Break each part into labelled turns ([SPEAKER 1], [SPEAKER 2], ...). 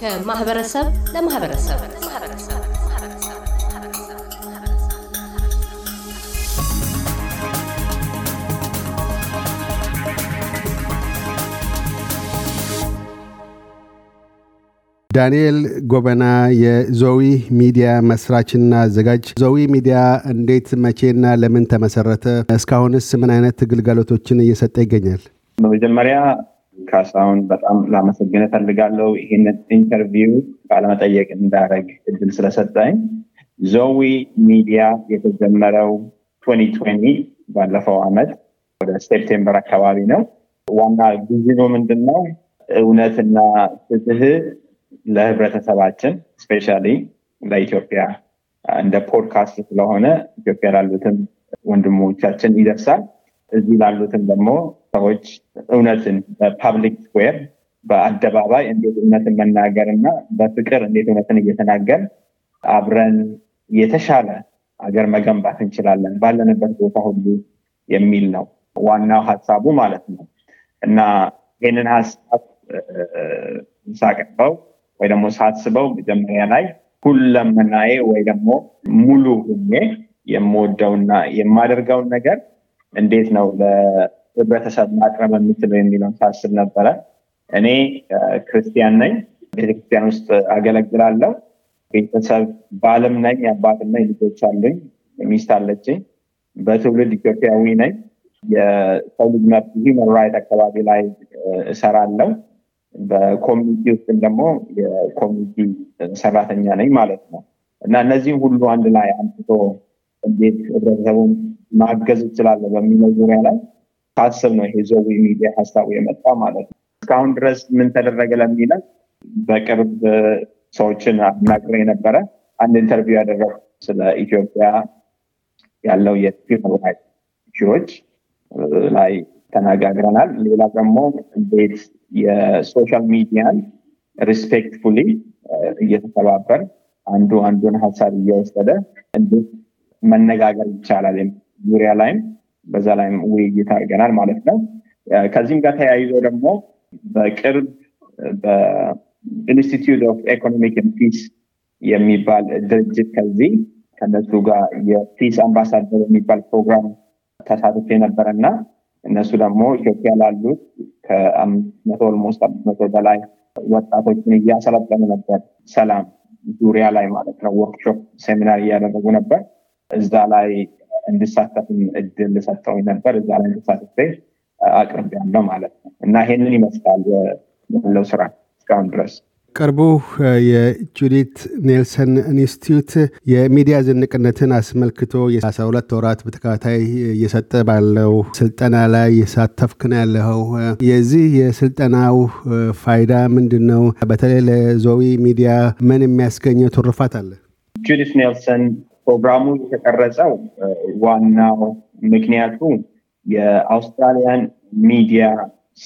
[SPEAKER 1] ከማህበረሰብ ለማህበረሰብ ዳንኤል ጎበና የዞዊ ሚዲያ መስራችና አዘጋጅ። ዞዊ ሚዲያ እንዴት መቼና ለምን ተመሰረተ? እስካሁንስ ምን አይነት ግልጋሎቶችን እየሰጠ ይገኛል?
[SPEAKER 2] በመጀመሪያ ካሳሁን በጣም ላመሰግን እፈልጋለሁ ይህንን ኢንተርቪው ቃለመጠየቅ እንዳደረግ እድል ስለሰጠኝ። ዞዊ ሚዲያ የተጀመረው 2020 ባለፈው አመት ወደ ሴፕቴምበር አካባቢ ነው። ዋና ጊዜ ነው ምንድን ነው እውነትና ፍትህ ለህብረተሰባችን ስፔሻሊ ለኢትዮጵያ እንደ ፖድካስት ስለሆነ ኢትዮጵያ ላሉትም ወንድሞቻችን ይደርሳል። እዚህ ላሉትም ደግሞ ሰዎች እውነትን በፓብሊክ ስኩር በአደባባይ እንዴት እውነትን መናገር እና በፍቅር እንዴት እውነትን እየተናገር አብረን የተሻለ ሀገር መገንባት እንችላለን ባለንበት ቦታ ሁሉ የሚል ነው ዋናው ሀሳቡ ማለት ነው እና ይህንን ሀሳብ ሳቀርበው ወይ ደግሞ ሳስበው መጀመሪያ ላይ ሁለመናዬ ወይ ደግሞ ሙሉ ሁኜ የምወደውና የማደርገውን ነገር እንዴት ነው ለህብረተሰብ ማቅረብ የምችለው የሚለውን ሳስብ ነበረ። እኔ ክርስቲያን ነኝ። ቤተክርስቲያን ውስጥ አገለግላለሁ። ቤተሰብ ባልም ነኝ፣ አባትም ልጆች አሉኝ፣ ሚስት አለችኝ። በትውልድ ኢትዮጵያዊ ነኝ። የሰው ልጅ መብት ሂውመን ራይት አካባቢ ላይ እሰራለሁ። በኮሚኒቲ ውስጥም ደግሞ የኮሚኒቲ ሰራተኛ ነኝ ማለት ነው እና እነዚህም ሁሉ አንድ ላይ አንስቶ እንዴት ህብረተሰቡን ማገዝ ይችላለ በሚለው ዙሪያ ላይ ታስብ ነው ይሄ ዘዊ ሚዲያ ሀሳቡ የመጣ ማለት ነው እስካሁን ድረስ ምን ተደረገ ለሚለው በቅርብ ሰዎችን አናግረ የነበረ አንድ ኢንተርቪው ያደረጉ ስለ ኢትዮጵያ ያለው የሲቪል ችሮች ላይ ተነጋግረናል ሌላ ደግሞ እንዴት የሶሻል ሚዲያን ሪስፔክትፉሊ እየተተባበር አንዱ አንዱን ሀሳብ እየወሰደ እንዴት መነጋገር ይቻላል ዙሪያ ላይም በዛ ላይም ውይይት አድርገናል ማለት ነው። ከዚህም ጋር ተያይዞ ደግሞ በቅርብ በኢንስቲትዩት ኦፍ ኢኮኖሚክ ፒስ የሚባል ድርጅት ከዚህ ከነሱ ጋር የፒስ አምባሳደር የሚባል ፕሮግራም ተሳትፎ የነበረ እና እነሱ ደግሞ ኢትዮጵያ ላሉት ከአምስት መቶ ኦልሞስት አምስት መቶ በላይ ወጣቶችን እያሰለጠኑ ነበር። ሰላም ዙሪያ ላይ ማለት ነው። ወርክሾፕ ሴሚናር እያደረጉ ነበር። እዛ ላይ እንድሳተፍም እድል ሰጥተው ነበር። እዛ ላይ እንድሳተፍ አቅርቤያለሁ ማለት ነው እና ይሄንን ይመስላል ያለው ስራ እስካሁን ድረስ።
[SPEAKER 1] ቀርቦ የጁዲት ኔልሰን ኢንስቲትዩት የሚዲያ ዝንቅነትን አስመልክቶ የ12 ወራት በተከታታይ እየሰጠ ባለው ስልጠና ላይ የሳተፍክን ያለው የዚህ የስልጠናው ፋይዳ ምንድን ነው? በተለይ ለዞዊ ሚዲያ ምን የሚያስገኘው ትሩፋት አለ?
[SPEAKER 2] ጁዲት ኔልሰን ፕሮግራሙ የተቀረጸው ዋናው ምክንያቱ የአውስትራሊያን ሚዲያ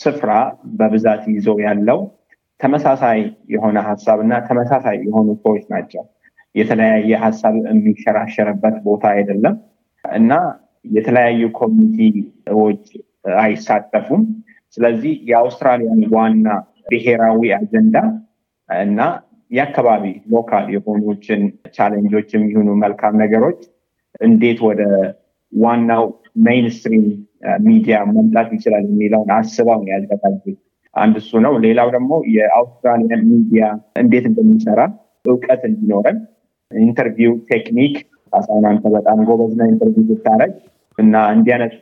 [SPEAKER 2] ስፍራ በብዛት ይዞ ያለው ተመሳሳይ የሆነ ሀሳብ እና ተመሳሳይ የሆኑ ሰዎች ናቸው። የተለያየ ሀሳብ የሚሸራሸርበት ቦታ አይደለም እና የተለያዩ ኮሚኒቲዎች አይሳተፉም። ስለዚህ የአውስትራሊያን ዋና ብሔራዊ አጀንዳ እና የአካባቢ ሎካል የሆኑችን ቻሌንጆች የሚሆኑ መልካም ነገሮች እንዴት ወደ ዋናው ሜይንስትሪም ሚዲያ መምጣት ይችላል የሚለውን አስበው ያዘጋጁት። አንድ እሱ ነው። ሌላው ደግሞ የአውስትራሊያን ሚዲያ እንዴት እንደሚሰራ እውቀት እንዲኖረን ኢንተርቪው ቴክኒክ አሳሁን አንተ በጣም ጎበዝና ኢንተርቪው ስታረግ እና እንዲህ አይነት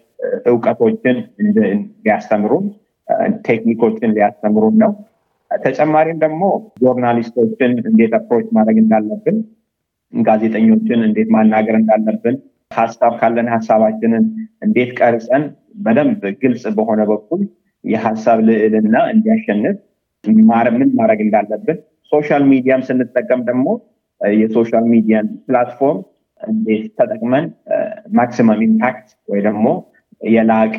[SPEAKER 2] እውቀቶችን ሊያስተምሩን ቴክኒኮችን ሊያስተምሩን ነው። ተጨማሪም ደግሞ ጆርናሊስቶችን እንዴት አፕሮች ማድረግ እንዳለብን፣ ጋዜጠኞችን እንዴት ማናገር እንዳለብን፣ ሀሳብ ካለን ሀሳባችንን እንዴት ቀርጸን በደንብ ግልጽ በሆነ በኩል የሀሳብ ልዕልና እንዲያሸንፍ ምን ማድረግ እንዳለብን፣ ሶሻል ሚዲያም ስንጠቀም ደግሞ የሶሻል ሚዲያን ፕላትፎርም እንዴት ተጠቅመን ማክሲመም ኢምፓክት ወይ ደግሞ የላቀ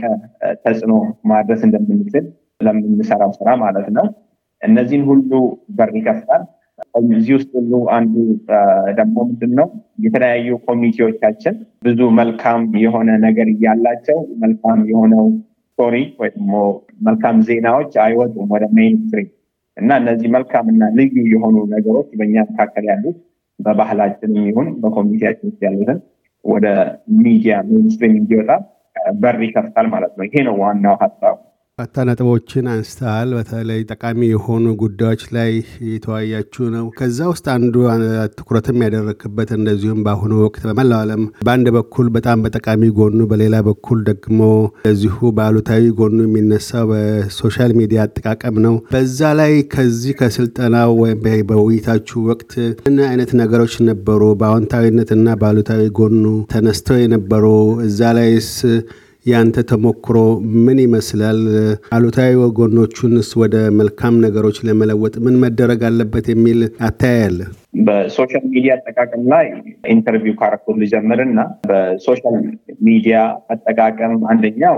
[SPEAKER 2] ተጽዕኖ ማድረስ እንደምንችል ለምንሰራው ስራ ማለት ነው። እነዚህን ሁሉ በር ይከፍታል። እዚህ ውስጥ ሁሉ አንዱ ደግሞ ምንድን ነው የተለያዩ ኮሚኒቲዎቻችን ብዙ መልካም የሆነ ነገር እያላቸው መልካም የሆነው ስቶሪ ወይ መልካም ዜናዎች አይወጡም ወደ ሜንስትሪም እና እነዚህ መልካምና ልዩ የሆኑ ነገሮች በእኛ መካከል ያሉት በባህላችን ይሁን በኮሚኒቲያችን ውስጥ ያሉትን ወደ ሚዲያ ሜንስትሪም እንዲወጣ በር ይከፍታል ማለት ነው። ይሄ ነው ዋናው ሀሳቡ
[SPEAKER 1] በርካታ ነጥቦችን አንስተሃል። በተለይ ጠቃሚ የሆኑ ጉዳዮች ላይ የተወያያችሁ ነው። ከዛ ውስጥ አንዱ ትኩረትም ያደረክበት እንደዚሁም በአሁኑ ወቅት በመላው ዓለም በአንድ በኩል በጣም በጠቃሚ ጎኑ፣ በሌላ በኩል ደግሞ እዚሁ በአሉታዊ ጎኑ የሚነሳው በሶሻል ሚዲያ አጠቃቀም ነው። በዛ ላይ ከዚህ ከስልጠናው ወይም በውይይታችሁ ወቅት ምን አይነት ነገሮች ነበሩ? እና በአሉታዊ ጎኑ ተነስተው የነበሩ እዛ ላይስ ያንተ ተሞክሮ ምን ይመስላል? አሉታዊ ጎኖቹንስ ወደ መልካም ነገሮች ለመለወጥ ምን መደረግ አለበት የሚል አታያለ?
[SPEAKER 2] በሶሻል ሚዲያ አጠቃቀም ላይ ኢንተርቪው ካረኩት ልጀምርና በሶሻል ሚዲያ አጠቃቀም አንደኛው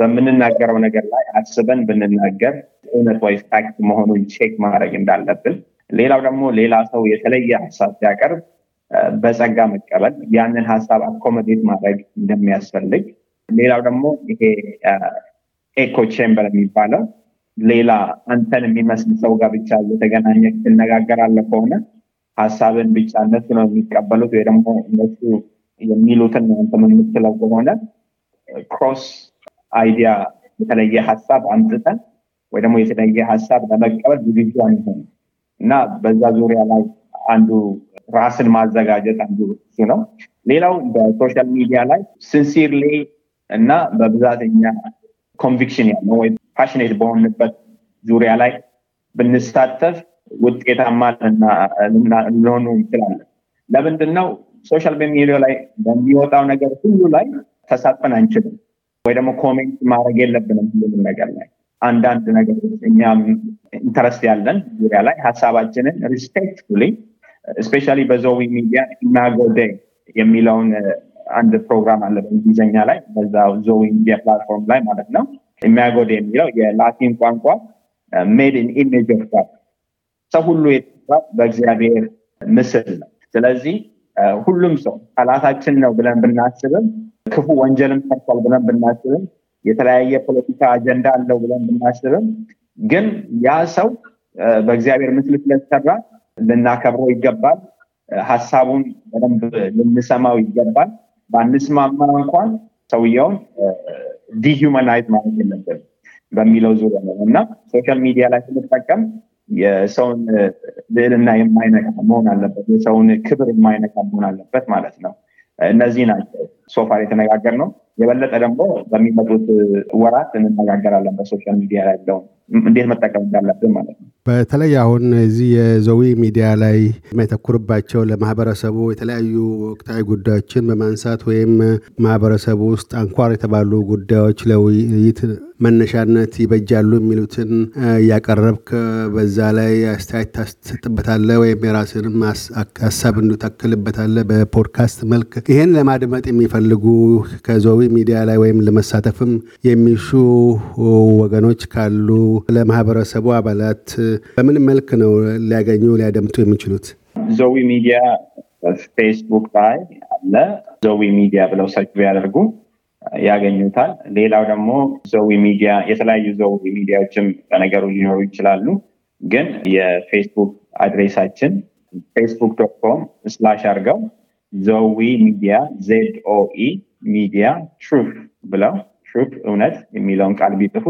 [SPEAKER 2] በምንናገረው ነገር ላይ አስበን ብንናገር እውነት ወይ ፋክት መሆኑን ቼክ ማድረግ እንዳለብን፣ ሌላው ደግሞ ሌላ ሰው የተለየ ሀሳብ ሲያቀርብ በጸጋ መቀበል፣ ያንን ሀሳብ አኮመዴት ማድረግ እንደሚያስፈልግ ሌላው ደግሞ ይሄ ኤኮ ቼምበር የሚባለው ሌላ አንተን የሚመስል ሰው ጋር ብቻ እየተገናኘ ትነጋገራለ ከሆነ ሀሳብን ብቻ እነሱ ነው የሚቀበሉት ወይ ደግሞ እነሱ የሚሉትን አንተ የምትለው ከሆነ ክሮስ አይዲያ የተለየ ሀሳብ አምጥተን ወይ ደግሞ የተለየ ሀሳብ ለመቀበል ዝግጁ አንሆን እና በዛ ዙሪያ ላይ አንዱ ራስን ማዘጋጀት አንዱ ነው ሌላው በሶሻል ሚዲያ ላይ ስንሲርሊ እና በብዛተኛ ኮንቪክሽን ያለው ወይ ፓሽኔት በሆንበት ዙሪያ ላይ ብንሳተፍ ውጤታማ ልንሆኑ እንችላለን። ለምንድን ነው ሶሻል ሚዲያ ላይ በሚወጣው ነገር ሁሉ ላይ ተሳትፈን አንችልም፣ ወይ ደግሞ ኮሜንት ማድረግ የለብንም ሁሉም ነገር ላይ አንዳንድ ነገሮች እኛም ኢንተረስት ያለን ዙሪያ ላይ ሀሳባችንን ሪስፔክትፉሊ ስፔሻ በዞዊ ሚዲያ ኢማጎ የሚለውን አንድ ፕሮግራም አለ በእንግሊዝኛ ላይ በዛ ዞዊ ሚዲያ ፕላትፎርም ላይ ማለት ነው የሚያጎድ የሚለው የላቲን ቋንቋ ሜድ ኢን ኢሜጅ ኦፍ ጋድ ሰው ሁሉ የተሰራ በእግዚአብሔር ምስል ነው ስለዚህ ሁሉም ሰው ጠላታችን ነው ብለን ብናስብም ክፉ ወንጀልም ሰርቷል ብለን ብናስብም የተለያየ ፖለቲካ አጀንዳ አለው ብለን ብናስብም ግን ያ ሰው በእግዚአብሔር ምስል ስለተሰራ ልናከብረው ይገባል ሀሳቡን በደንብ ልንሰማው ይገባል ባንስማማ እንኳን ሰውየውን ዲሁማናይዝ ማለት የለብን በሚለው ዙሪያ ነው እና ሶሻል ሚዲያ ላይ ስንጠቀም የሰውን ልዕልና የማይነካ መሆን አለበት የሰውን ክብር የማይነካ መሆን አለበት ማለት ነው እነዚህ ናቸው ሶፋር የተነጋገር ነው። የበለጠ ደግሞ በሚመጡት ወራት እንነጋገራለን። በሶሻል ሚዲያ ላይ ያለውን እንዴት መጠቀም እንዳለብን ማለት ነው።
[SPEAKER 1] በተለይ አሁን እዚህ የዘዊ ሚዲያ ላይ የሚያተኩርባቸው ለማህበረሰቡ የተለያዩ ወቅታዊ ጉዳዮችን በማንሳት ወይም ማህበረሰቡ ውስጥ አንኳር የተባሉ ጉዳዮች ለውይይት መነሻነት ይበጃሉ የሚሉትን እያቀረብክ በዛ ላይ አስተያየት ታስጥበታለህ ወይም የራስንም ሀሳብ እንድታክልበታለህ በፖድካስት መልክ ይህን ለማድመጥ የሚፈ የሚፈልጉ ከዘዊ ሚዲያ ላይ ወይም ለመሳተፍም የሚሹ ወገኖች ካሉ ለማህበረሰቡ አባላት በምን መልክ ነው ሊያገኙ ሊያደምጡ የሚችሉት?
[SPEAKER 2] ዘዊ ሚዲያ ፌስቡክ ላይ አለ። ዘዊ ሚዲያ ብለው ሰርች ቢያደርጉ ያገኙታል። ሌላው ደግሞ ዘዊ ሚዲያ የተለያዩ ዘዊ ሚዲያዎችም በነገሩ ሊኖሩ ይችላሉ። ግን የፌስቡክ አድሬሳችን ፌስቡክ ዶት ኮም ስላሽ አድርገው ዞዊ ሚዲያ ዜድ ኦኢ ሚዲያ ትሩፍ ብለው ትሩፍ እውነት የሚለውን ቃል ቢጽፉ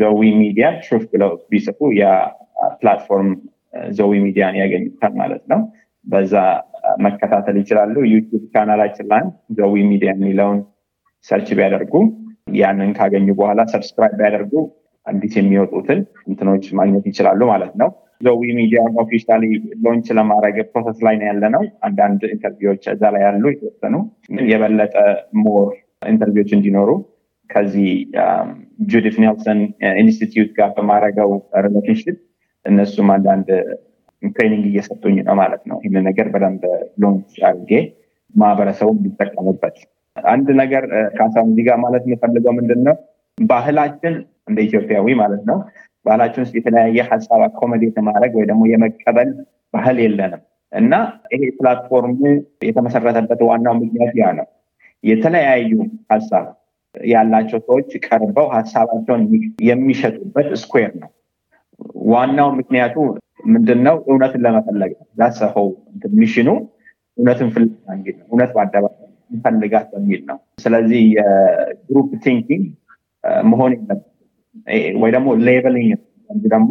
[SPEAKER 2] ዞዊ ሚዲያ ትሩፍ ብለው ቢጽፉ የፕላትፎርም ዞዊ ሚዲያን ያገኙታል ማለት ነው በዛ መከታተል ይችላሉ ዩቱብ ቻናላችን ላይ ዘዊ ሚዲያ የሚለውን ሰርች ቢያደርጉ ያንን ካገኙ በኋላ ሰብስክራይብ ቢያደርጉ አዲስ የሚወጡትን እንትኖች ማግኘት ይችላሉ ማለት ነው ዘዊ ሚዲያን ኦፊሻሊ ሎንች ለማድረግ ፕሮሰስ ላይ ነው ያለ ነው። አንዳንድ ኢንተርቪዎች እዛ ላይ ያሉ የተወሰኑ የበለጠ ሞር ኢንተርቪዎች እንዲኖሩ ከዚህ ጁዲት ኔልሰን ኢንስቲትዩት ጋር በማድረገው ሪሌሽንሽፕ እነሱም አንዳንድ ትሬኒንግ እየሰጡኝ ነው ማለት ነው። ይህን ነገር በደንብ ሎንች አርጌ ማህበረሰቡ እንዲጠቀሙበት። አንድ ነገር ከአሳም uh, ዚጋ ማለት የምፈልገው ምንድን ነው ባህላችን እንደ ኢትዮጵያዊ ማለት ነው ባህላችን ውስጥ የተለያየ ሀሳብ አኮመዴት ማድረግ ወይ ደግሞ የመቀበል ባህል የለንም እና ይሄ ፕላትፎርም የተመሰረተበት ዋናው ምክንያት ያ ነው። የተለያዩ ሀሳብ ያላቸው ሰዎች ቀርበው ሀሳባቸውን የሚሸጡበት ስኩዌር ነው። ዋናው ምክንያቱ ምንድን ነው? እውነትን ለመፈለግ ነው። ዛሰኸው ሚሽኑ እውነትን ፍለጋ እንግዲህ እውነት በአደባባይ እንፈልጋት በሚል ነው። ስለዚህ የግሩፕ ቲንኪንግ መሆን የለም ወይ ደግሞ ሌቨሊንግ ሌበሊንግ ደግሞ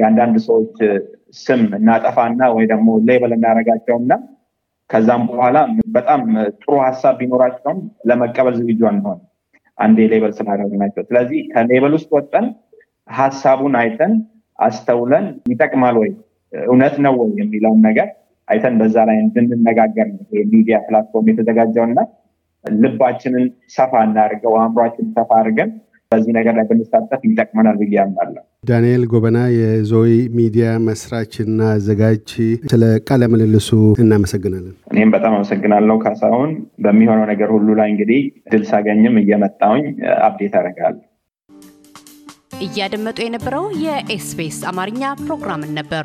[SPEAKER 2] የአንዳንድ ሰዎች ስም እናጠፋና ወይ ደግሞ ሌበል እናደረጋቸውና ከዛም በኋላ በጣም ጥሩ ሀሳብ ቢኖራቸውም ለመቀበል ዝግጁ አንሆን አንድ ስላደረግ ናቸው ስለዚህ ከሌበል ውስጥ ወጠን ሀሳቡን አይተን አስተውለን ይጠቅማል ወይ እውነት ነው ወይ የሚለውን ነገር አይተን በዛ ላይ እንድንነጋገር ነው የሚዲያ ፕላትፎርም የተዘጋጀውና ልባችንን ሰፋ እናርገው አእምሯችን ሰፋ አድርገን በዚህ ነገር ላይ ብንሳተፍ ይጠቅመናል ብዬ አምናለሁ።
[SPEAKER 1] ዳንኤል ጎበና የዞይ ሚዲያ መስራችና አዘጋጅ፣ ስለ ቃለ ምልልሱ እናመሰግናለን።
[SPEAKER 2] እኔም በጣም አመሰግናለሁ ካሳሁን። በሚሆነው ነገር ሁሉ ላይ እንግዲህ ድል ሳገኝም እየመጣውኝ አብዴት አደርጋለሁ። እያደመጡ የነበረው የኤስቢኤስ አማርኛ ፕሮግራምን ነበር።